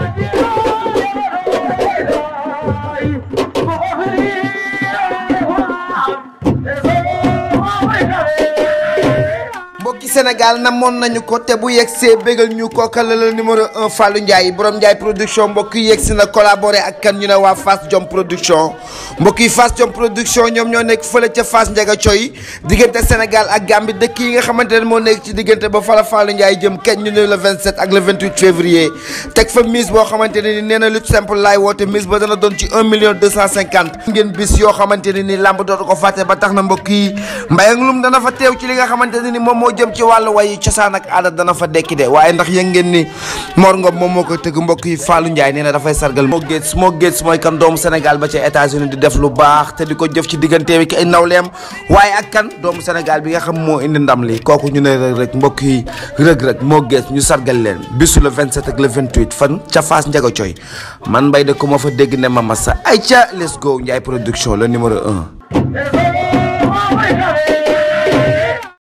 Yeah. Sénégal namoon nañu ko te bu yegsee bégal ñu kookala la numéro un Fallou Ndiaye borom Ndiaye production mbokk yegsi na collaboré ak kan ñu ne waa Fass Jom production mbokk yi Fass production ñoom ñoo nekk fële ca Fass Ndiaga diggante Sénégal ak Gambie dëkk yi nga xamante moo nekk ci diggante ba fa la Fallou jëm kenn ñu ne le 27 ak le 28 février teg fa mise boo xamante ne ni nee na lutte simple laay ba dana doon ci 1 ci wàllu wayu cosaan ak aada dana fa dekki de waaye ndax yëg ngeen ni Mor moom moo koy tëgg mbokk yi Fallou Ndiaye nee na dafay sargal Mo Gates Mo Gates mooy kan doomu Sénégal ba ci États-Unis di def lu baax te di ko jëf ci digganteem ak ay nawleem waaye ak kan doomu Sénégal bi nga xam moo indi ndam li kooku ñu ne Reug Reug mbokk yi Reug Reug Mo Gates ñu sargal leen bisu vingt 27 ak vingt 28 fan ca Fass Ndiaga Coy man mbay de ko ma fa dégg ne ma massa ay ca let's go Ndiaye production le numéro 1